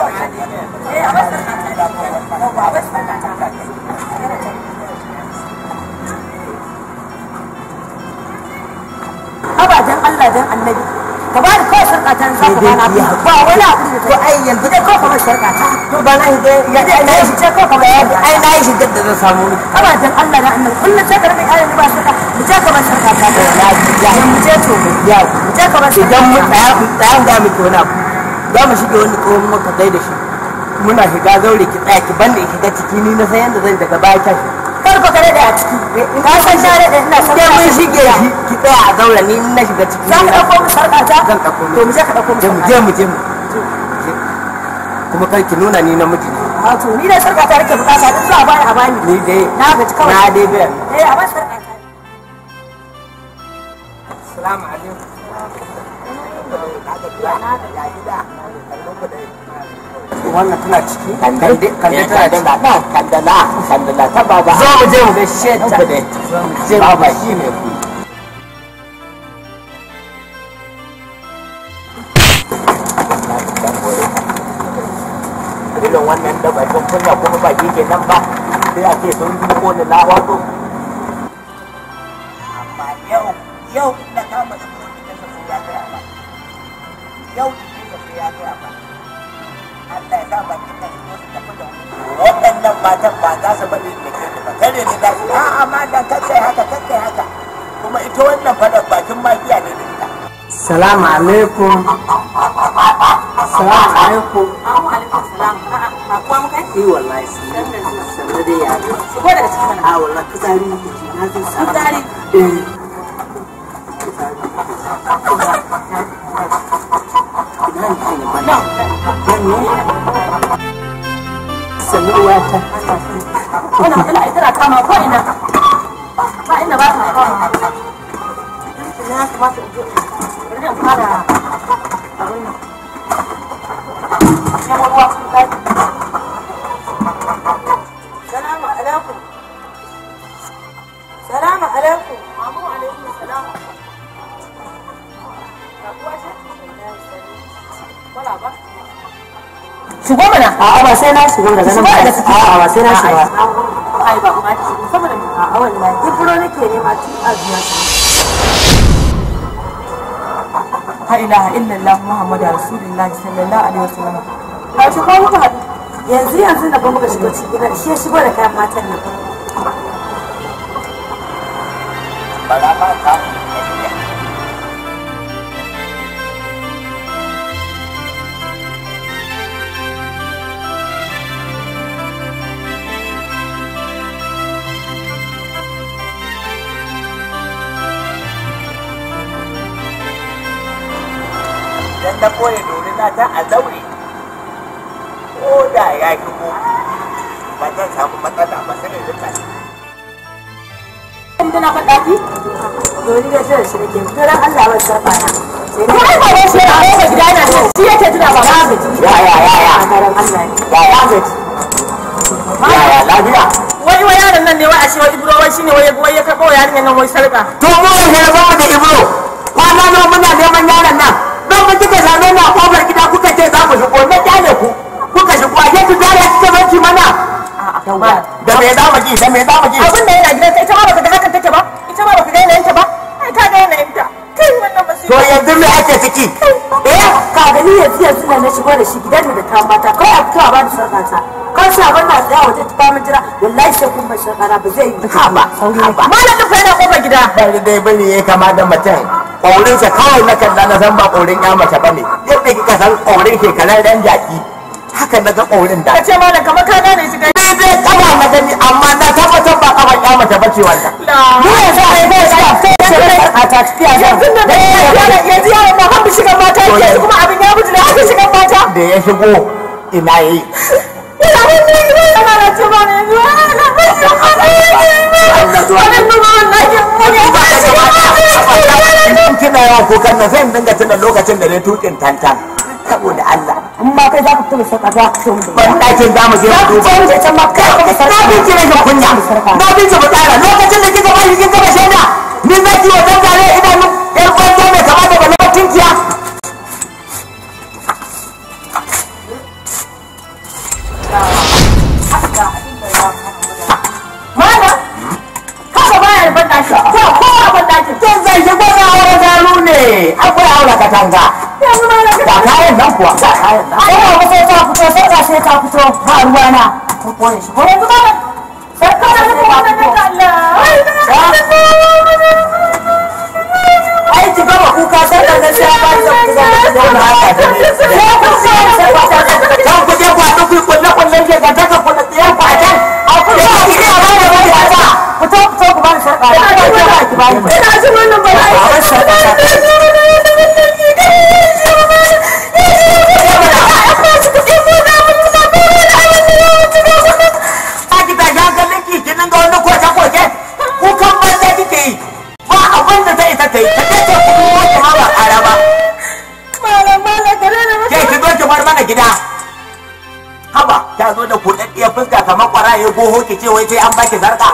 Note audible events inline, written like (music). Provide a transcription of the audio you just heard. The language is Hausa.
abajen Allah dan annabi ka ba ni kawai sarƙa ta za ku bana ba wani abu da ko ai yanzu dai kawai kamar ta to ba na yi dai ya yi shi ce kawai kamar ai na yi shi da zan samu ni abajen Allah dan annabi kullum ce ka rika ai ba sarƙa mu ce kamar sarƙa ta da ya mu ce to ya mu ce kamar sarƙa idan mu tsaya mu ga mu ko na za mu shige wani tsohon maka zai da shi muna shiga zaure ki tsaya ki banda in shiga ciki ni na san yadda zan daga baya tashi kar ba da daɗe a ciki ka eh, san da daɗe ina san sai mun shige shi ki tsaya a zaure ni na shiga ciki zan ka ɗauko mu sarka ta zan ɗauko mu to mu je ka dauko mu je mu je mu kuma kai ki nuna ni na ne a ah, to ni da sarka ta rike bukata duk za a bani a bani ni dai na ci kawai na dai biya eh a ba sarka ta salamu alaikum wannan tana ciki kan da kan da tana da ba kan da na kan da na ta ba ba zo mu je mu gaishe ta ne je ba ba shi ne ku irin wannan da bakin kunya kuma ba ke nan ba sai a ce sun duko da na wato amma yau yau na kama da kuma yau jikin ka ya gaya ba Allah ya sa bakin nan su su tafi da waɗannan matan ba za su bari da ke ba haka kace haka kuma ita wannan fadar bakin magiya ne da ita salamu alaikum salamu alaikum eh, wallahi sai sanar da yare. Ko daga cikin a ah, wallahi na zai (laughs) سلام عليكم سلام عليكم shigo mana a'a ba sai na shigo daga nan ba a'a ba sai na shigo ai ba kuma ki shigo saboda mu a'a wallahi ibro nake nema tun a biya la ilaha illallah muhammadu rasulullahi sallallahu alaihi wasallam ba shi ko muka yanzu yanzu da ba muka shigo cikin gidan shi ya shigo da kayan matan nan ba na ba na koya domin na ta a zaure ko da ya shigo ba zan samu matsala ba sai da ta in tana faɗa Allah shi yake tuna ba ya ya ya ya ya ya ya ya lafiya yaron nan ne wai a shi wai ibro wai shine wai ya karɓo yarinya nan wai sarka to mu ne ba da me za mu ji da me za mu ji abin da yana gidansa ita ma ka ga hakan take ba ita ma baka ga ta ba ai ka ga ta. kai wannan to yanzu me ake ciki eh ka ga ni yanzu yanzu ne na shigo da shi gidan da ta mata kai a fitowa ba da sarkansa kan sa ban na tsaya waje ta famin jira wallahi sai kun mai shakara ba zai yi ka ba malamin fa yana kofar gida ban da dai bane yayi kama da mutum ƙaurinsa kawai na kalla na san ba ƙaurin ya mace ba ne yadda kika san ke shekarar dan jaki Hakan na ga ƙaurin da ce malam kamar ka gane shi kai. ni dai taba na gani amma na tabbatar ba kaba ya mace bace wanda mu ya za a yi ba sai sai sai a ta tafiya yanzu da ya yaron na habu shiga mata yanzu kuma abin ya mutu da habu shiga mata da ya shigo ina yi ina mun ne ina na ce ba ne ni na ba shi ba ne ni ba kina yawan kukan zan dinga tuna lokacin da ne tukin tantan kai za ku tuna za ku ban ɗakin za mu je mu duba za ku can ma kai ku sarka na binci na jin kunya na binci mu tsara lokacin da kika ba shi kin gaba shaida ni zaki wa zan zare idanun ƴan kwanta mai da katanga ga kayan nan kuwa ga kayan nan kuwa. ba ta fito sai ga ta fito ba ruwa na ba ka ka na ba ta ku nan kuwa ba ta kan da ba ba ba ki ba ni ya goho ki ce wai sai an baki zarka